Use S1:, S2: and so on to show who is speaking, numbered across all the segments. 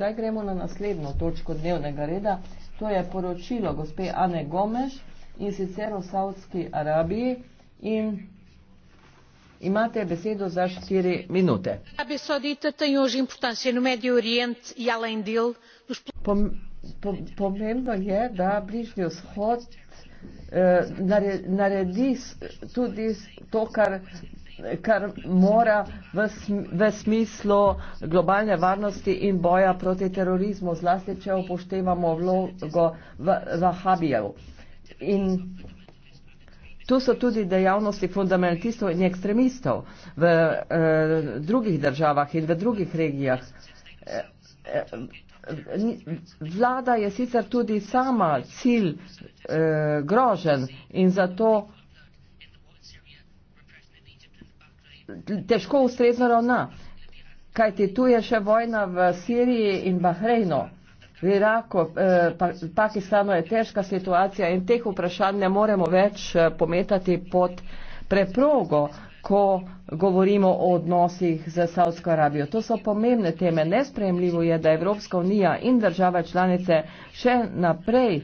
S1: Zdaj gremo na naslednjo točko dnevnega reda. To je poročilo gospe Ane Gomeš in sicer v Saudski Arabiji. In imate besedo za štiri minute. No e pomembno je, da bližnji vzhod eh, naredi tudi to, kar kar mora v, sm v smislu globalne varnosti in boja proti terorizmu, zlasti če upoštevamo vlogo vahabijev. In tu so tudi dejavnosti fundamentalistov in ekstremistov v eh, drugih državah in v drugih regijah. Vlada je sicer tudi sama cilj eh, grožen in zato težko ustrezno ravna. Kaj ti tu je še vojna v Siriji in Bahrejno, v Iraku, eh, pa, Pakistanu je težka situacija in teh vprašanj ne moremo več eh, pometati pod preprogo, ko govorimo o odnosih z Saudsko Arabijo. To so pomembne teme. Nespremljivo je, da Evropska unija in države članice še naprej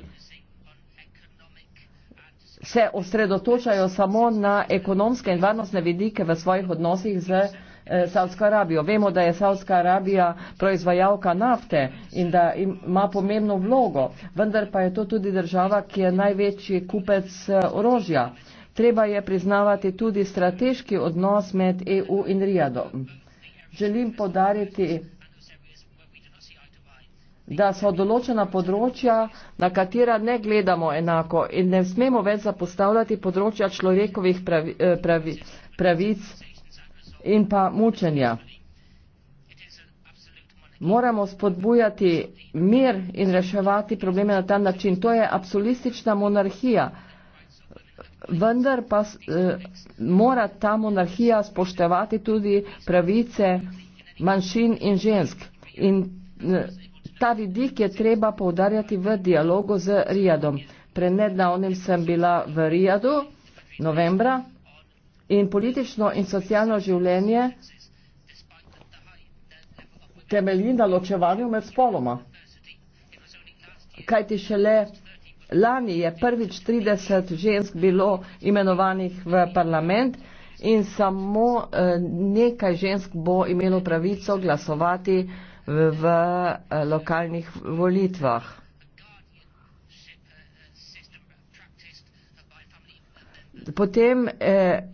S1: se osredotočajo samo na ekonomske in varnostne vidike v svojih odnosih z eh, Saudsko Arabijo. Vemo, da je Saudska Arabija proizvajalka nafte in da ima pomembno vlogo, vendar pa je to tudi država, ki je največji kupec eh, orožja. Treba je priznavati tudi strateški odnos med EU in Rijadom. Želim podariti da so določena področja, na katera ne gledamo enako in ne smemo več zapostavljati področja človekovih pravi, eh, pravi, pravic in pa mučenja. Moramo spodbujati mir in reševati probleme na ta način. To je absolutistična monarhija. Vendar pa eh, mora ta monarhija spoštevati tudi pravice manjšin in žensk. In, eh, Ta vidik je treba poudarjati v dialogu z Rijadom. Pred nedavnim sem bila v Rijadu, novembra, in politično in socialno življenje temelji na ločevanju med spoloma. Kaj ti šele lani je prvič 30 žensk bilo imenovanih v parlament in samo eh, nekaj žensk bo imelo pravico glasovati uh, v, v eh, lokalnih volitvah. Potem eh,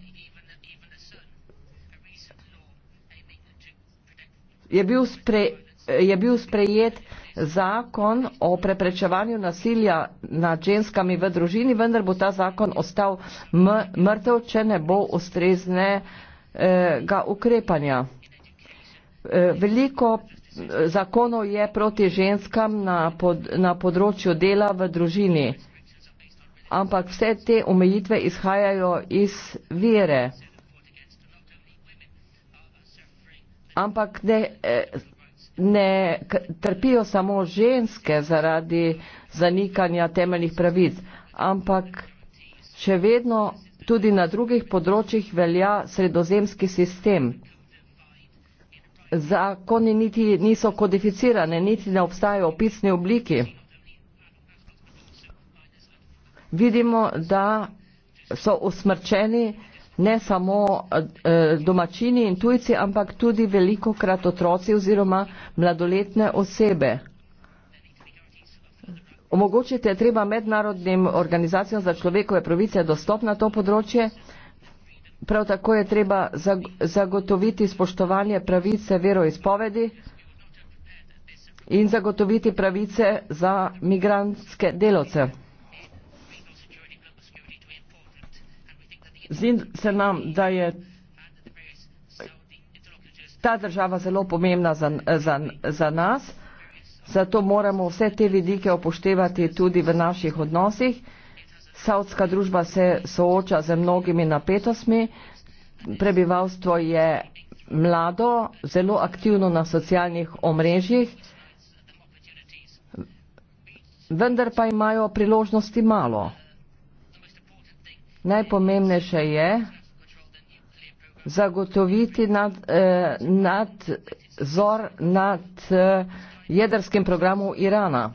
S1: je, bil spre, je bil sprejet zakon o preprečevanju nasilja nad ženskami v družini, vendar bo ta zakon ostal mrtev, če ne bo ustreznega eh, ukrepanja. Eh, veliko zakonov je proti ženskam na, pod, na področju dela v družini. Ampak vse te omejitve izhajajo iz vere. Ampak ne, eh, ne trpijo samo ženske zaradi zanikanja temeljnih pravic, ampak še vedno tudi na drugih področjih velja sredozemski sistem zakoni niti niso kodificirane, niti ne obstajajo opisni obliki. Vidimo, da so usmrčeni ne samo eh, domačini in tujci, ampak tudi veliko krat otroci oziroma mladoletne osebe. Omogočite je treba mednarodnim organizacijam za človekove pravice dostop na to področje, prav tako je treba zagotoviti spoštovanje pravice veroizpovedi in zagotoviti pravice za migrantske delovce. Zdi se nam, da je ta država zelo pomembna za, za, za nas, zato moramo vse te vidike upoštevati tudi v naših odnosih. Saudska družba se sooča z mnogimi napetostmi, prebivalstvo je mlado, zelo aktivno na socialnih omrežjih, vendar pa imajo priložnosti malo. Najpomembnejše je zagotoviti nad, eh, nadzor nad eh, jedrskim programom Irana.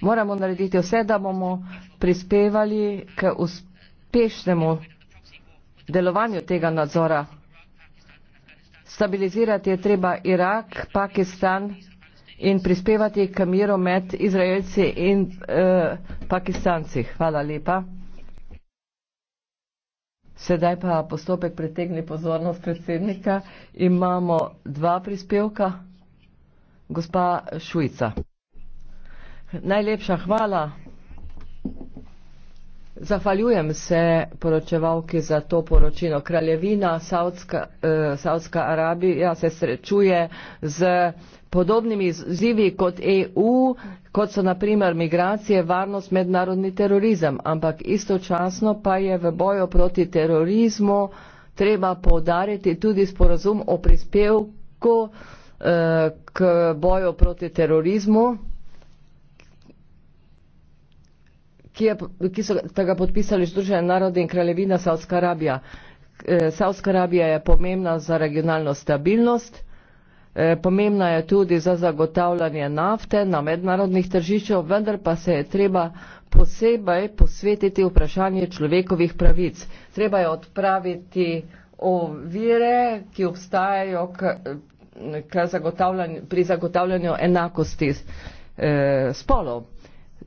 S1: moramo narediti vse, da bomo prispevali k uspešnemu delovanju tega nadzora. Stabilizirati je treba Irak, Pakistan in prispevati k miru med Izraelci in eh, Pakistanci. Hvala lepa. Sedaj pa postopek pretegni pozornost predsednika. Imamo dva prispevka. Gospa Švica. Najlepša hvala. Zahvaljujem se poročevalki za to poročino. Kraljevina Saudska, eh, Saudska Arabija se srečuje z podobnimi izzivi kot EU, kot so na primer migracije, varnost, mednarodni terorizem, ampak istočasno pa je v boju proti terorizmu treba poudariti tudi sporozum o prispevku eh, k boju proti terorizmu. ki, je, ki so ga podpisali Združene narode in kraljevina Saudska Arabija. Eh, Saudska Arabija je pomembna za regionalno stabilnost, eh, pomembna je tudi za zagotavljanje nafte na mednarodnih tržiščih, vendar pa se je treba posebej posvetiti vprašanje človekovih pravic. Treba je odpraviti ovire, ki obstajajo k, k zagotavljanju, pri zagotavljanju enakosti eh, spolov. Eh,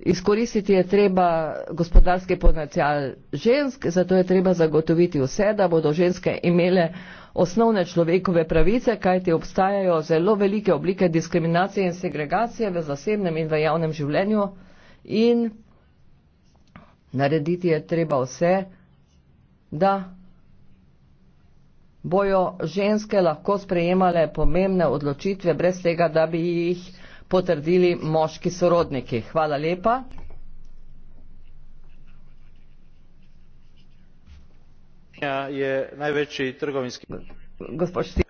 S1: izkoristiti je treba gospodarski potencial žensk, zato je treba zagotoviti vse, da bodo ženske imele osnovne človekove pravice, kajti obstajajo zelo velike oblike diskriminacije in segregacije v zasebnem in v javnem življenju in narediti je treba vse, da bojo ženske lahko sprejemale pomembne odločitve brez tega, da bi jih potrdili moški sorodniki. Hvala lepa.
S2: je najveći trgovinski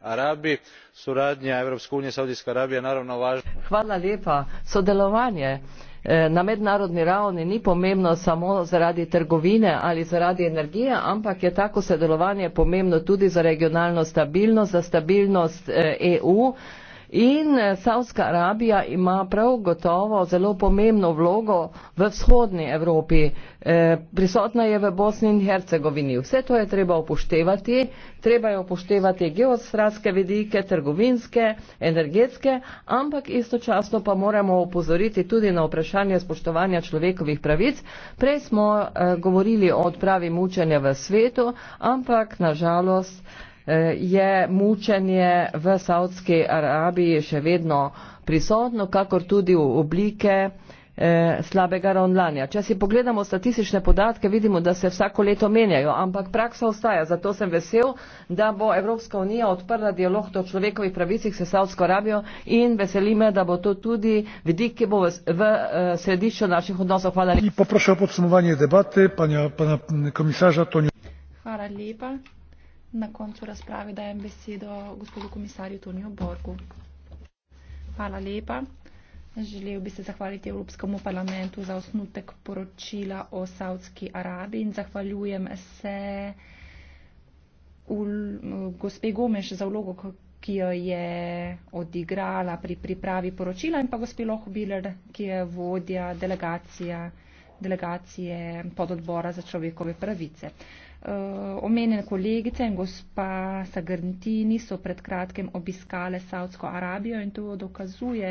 S2: Arabi, suradnja Evropske unije, Saudijska Arabija, naravno važno.
S1: Hvala lepa. Sodelovanje eh, na mednarodni ravni ni pomembno samo zaradi trgovine ali zaradi energije, ampak je tako sodelovanje pomembno tudi za regionalno stabilnost, za stabilnost EU. Eh, e In eh, Saudska Arabija ima prav gotovo zelo pomembno vlogo v vzhodni Evropi. E, prisotna je v Bosni in Hercegovini. Vse to je treba upoštevati. Treba je upoštevati geostratske vedike, trgovinske, energetske, ampak istočasno pa moramo upozoriti tudi na vprašanje spoštovanja človekovih pravic. Prej smo e, govorili o odpravi mučenja v svetu, ampak nažalost je mučenje v Saudski Arabiji še vedno prisotno, kakor tudi v oblike eh, slabega ravnanja. Če si pogledamo statistične podatke, vidimo, da se vsako leto menjajo, ampak praksa ostaja. Zato sem vesel, da bo Evropska unija odprla dialog o človekovih pravicih s Saudsko Arabijo in veseli me, da bo to tudi vidik, ki bo v, v eh, središču naših odnosov. Hvala
S2: lepa. Hvala lepa na koncu razprave dajem besedo gospodu komisarju Toniju Borgu. Hvala lepa. Želel bi se zahvaliti Evropskemu parlamentu za osnutek poročila o Saudski Arabiji in zahvaljujem se gospe Gomeš za vlogo, ki jo je odigrala pri pripravi poročila in pa gospe Loh Biller, ki je vododja delegacije pododbora za človekove pravice. Eh, omenjene kolegice in gospa Sagrntini so pred kratkem obiskale Saudsko Arabijo in to dokazuje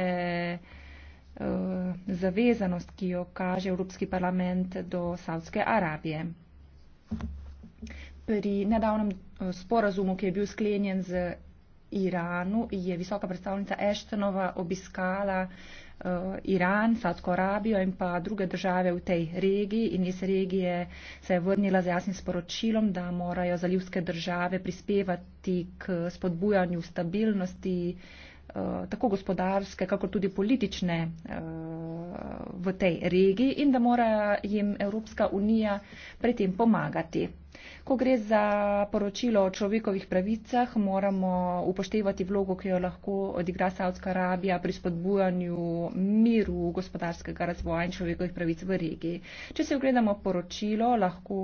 S2: eh, zavezanost, ki jo kaže Evropski parlament do Saudske Arabije. Pri nedavnem eh, sporazumu, ki je bil sklenjen z Iranu, je visoka predstavnica Eštenova obiskala uh, Eh, Iran, Sadsko Arabijo in pa druge države v tej regiji in iz regije se je vrnila z jasnim sporočilom, da morajo zalivske države prispevati k spodbujanju stabilnosti, Eh, tako gospodarske, kako tudi politične eh, v tej regiji in da mora jim Evropska unija pri tem pomagati. Ko gre za poročilo o človekovih pravicah, moramo upoštevati vlogo, ki jo lahko odigra Saudska Arabija pri spodbujanju miru gospodarskega razvoja in človekovih pravic v regiji. Če se ogledamo poročilo, lahko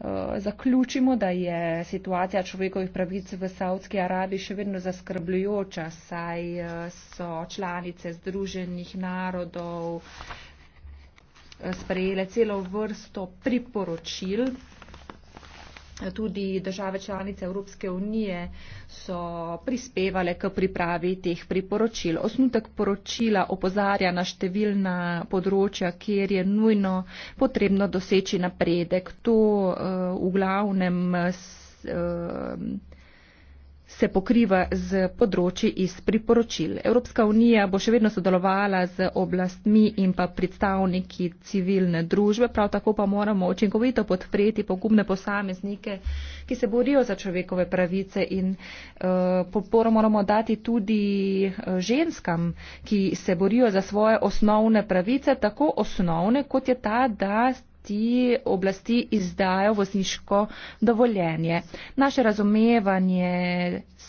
S2: Eh, zaključimo, da je situacija človekovih pravic v Saudski Arabiji še vedno zaskrbljujoča, saj eh, so članice Združenih narodov eh, sprejele celo vrsto priporočil Tudi države članice Evropske unije so prispevale k pripravi teh priporočil. Osnutek poročila opozarja na številna področja, kjer je nujno potrebno doseči napredek. To uh, v glavnem uh, se pokriva z področji iz priporočil. Evropska unija bo še vedno sodelovala z oblastmi in pa predstavniki civilne družbe, prav tako pa moramo očinkovito podpreti pogumne posameznike, ki se borijo za človekove pravice in eh, podporo moramo dati tudi eh, ženskam, ki se borijo za svoje osnovne pravice, tako osnovne kot je ta, da oblasti, oblasti izdajo vozniško dovoljenje. Naše razumevanje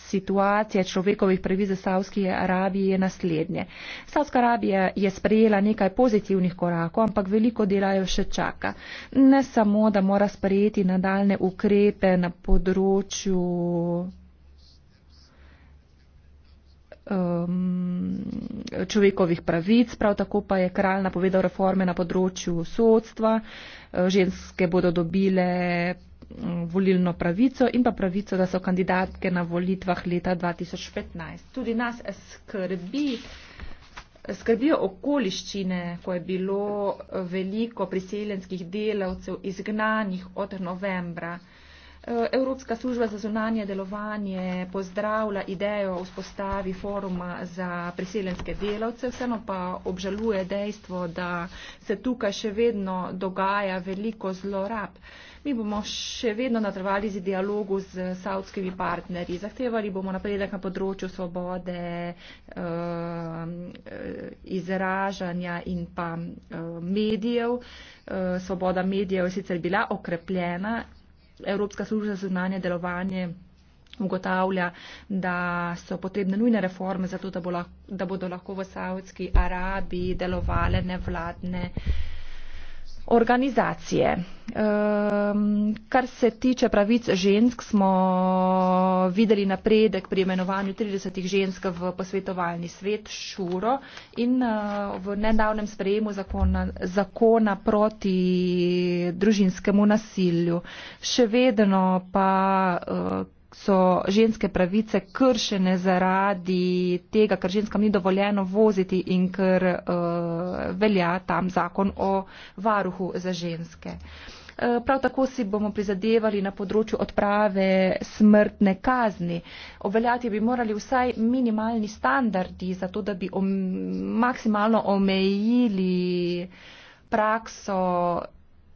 S2: situacije človekovih pravic v Savski Arabiji je naslednje. Savska Arabija je sprejela nekaj pozitivnih korakov, ampak veliko dela jo še čaka. Ne samo, da mora sprejeti nadaljne ukrepe na področju um, človekovih pravic, prav tako pa je kralj napovedal reforme na področju sodstva, uh, ženske bodo dobile um, volilno pravico in pa pravico, da so kandidatke na volitvah leta 2015. Tudi nas skrbi, skrbijo okoliščine, ko je bilo veliko priseljenskih delavcev izgnanih od novembra Eh, Evropska služba za zunanje delovanje pozdravlja idejo o vzpostavi foruma za priseljenske delavce, vseeno pa obžaluje dejstvo, da se tukaj še vedno dogaja veliko zlorab. Mi bomo še vedno nadaljevali z dialogu z saudskimi partnerji. Zahtevali bomo napredek na področju svobode eh, izražanja in pa eh, medijev. Svoboda medijev je sicer bila okrepljena Evropska služba za znanje delovanje ugotavlja, da so potrebne nujne reforme za to, da, bo lahko, da bodo lahko v Saudski Arabiji delovale nevladne uh, organizacije. Um, kar se tiče pravic žensk, smo videli napredek pri imenovanju 30 žensk v posvetovalni svet Šuro in uh, v nedavnem sprejemu zakona, zakona proti družinskemu nasilju. Še vedno pa uh, so ženske pravice kršene zaradi tega, ker ženskam ni dovoljeno voziti in ker uh, velja tam zakon o varuhu za ženske. Eh, prav tako si bomo prizadevali na področju odprave smrtne kazni. Oveljati bi morali vsaj minimalni standardi, zato da bi om, maksimalno omejili prakso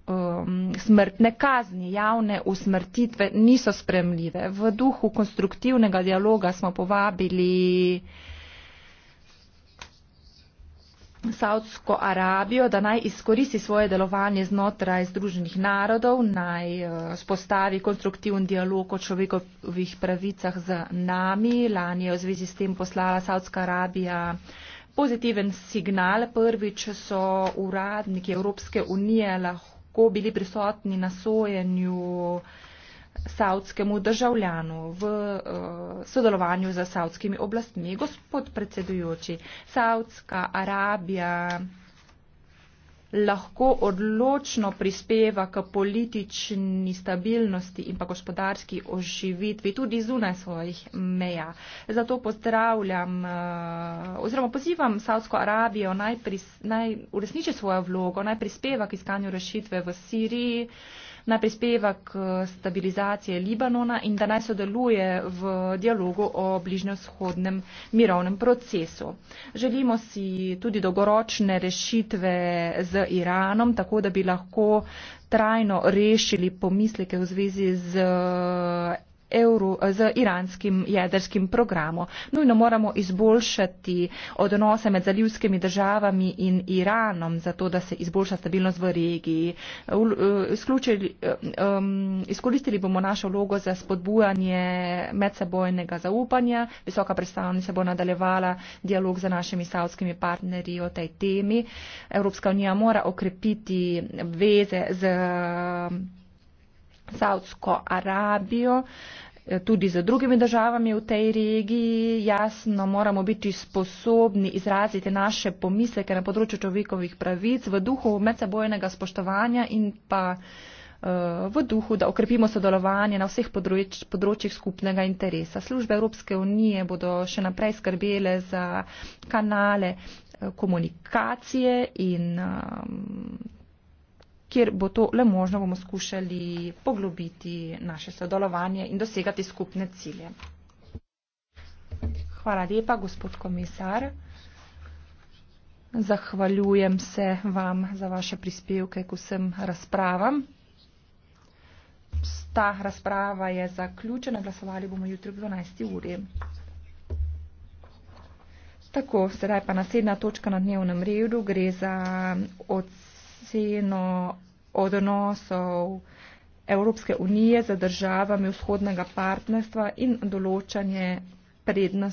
S2: um, smrtne kazni, javne usmrtitve niso spremljive. V duhu konstruktivnega dialoga smo povabili Saudsko Arabijo, da naj izkoristi svoje delovanje znotraj Združenih narodov, naj uh, spostavi konstruktivni dialog o človekovih pravicah z nami. Lani je v zvezi s tem poslala Saudska Arabija pozitiven signal. Prvič so uradniki Evropske unije lahko lahko bili prisotni na sojenju savdskemu državljanu v uh, sodelovanju za savdskimi oblastmi. Gospod predsedujoči, Savdska Arabija lahko odločno prispeva k politični stabilnosti in pa gospodarski oživitvi tudi zunaj svojih meja. Zato pozdravljam eh, oziroma pozivam Saudsko Arabijo naj, pris, naj uresniči svojo vlogo, naj prispeva k iskanju rešitve v Siriji naj prispeva k stabilizaciji Libanona in da naj sodeluje v dialogu o bližnjevzhodnem mirovnem procesu. Želimo si tudi dolgoročne rešitve z Iranom, tako da bi lahko trajno rešili pomisleke v zvezi z Euro, eh, z iranskim jedrskim programom. Nujno moramo izboljšati odnose med zalivskimi državami in Iranom, zato da se izboljša stabilnost v regiji. Um, izkoristili bomo našo vlogo za spodbujanje medsebojnega zaupanja. Visoka predstavnica bo nadaljevala dialog za našimi savskimi partnerji o tej temi. Evropska unija mora okrepiti veze z. Um, Saudsko Arabijo, eh, tudi z drugimi državami v tej regiji. Jasno, moramo biti sposobni izraziti naše pomisleke na področju človekovih pravic v duhu medsebojnega spoštovanja in pa eh, v duhu, da okrepimo sodelovanje na vseh področ, področjih skupnega interesa. Službe Evropske unije bodo še naprej skrbele za kanale eh, komunikacije in um, kjer bo to le možno, bomo skušali poglobiti naše sodelovanje in dosegati skupne cilje. Hvala lepa, gospod komisar. Zahvaljujem se vam za vaše prispevke k vsem razpravam. Ta razprava je zaključena, glasovali bomo jutri ob 12. uri. Tako, sedaj pa naslednja točka na dnevnem redu gre za odsek oceno odnosov Evropske unije z državami vzhodnega partnerstva in določanje prednosti.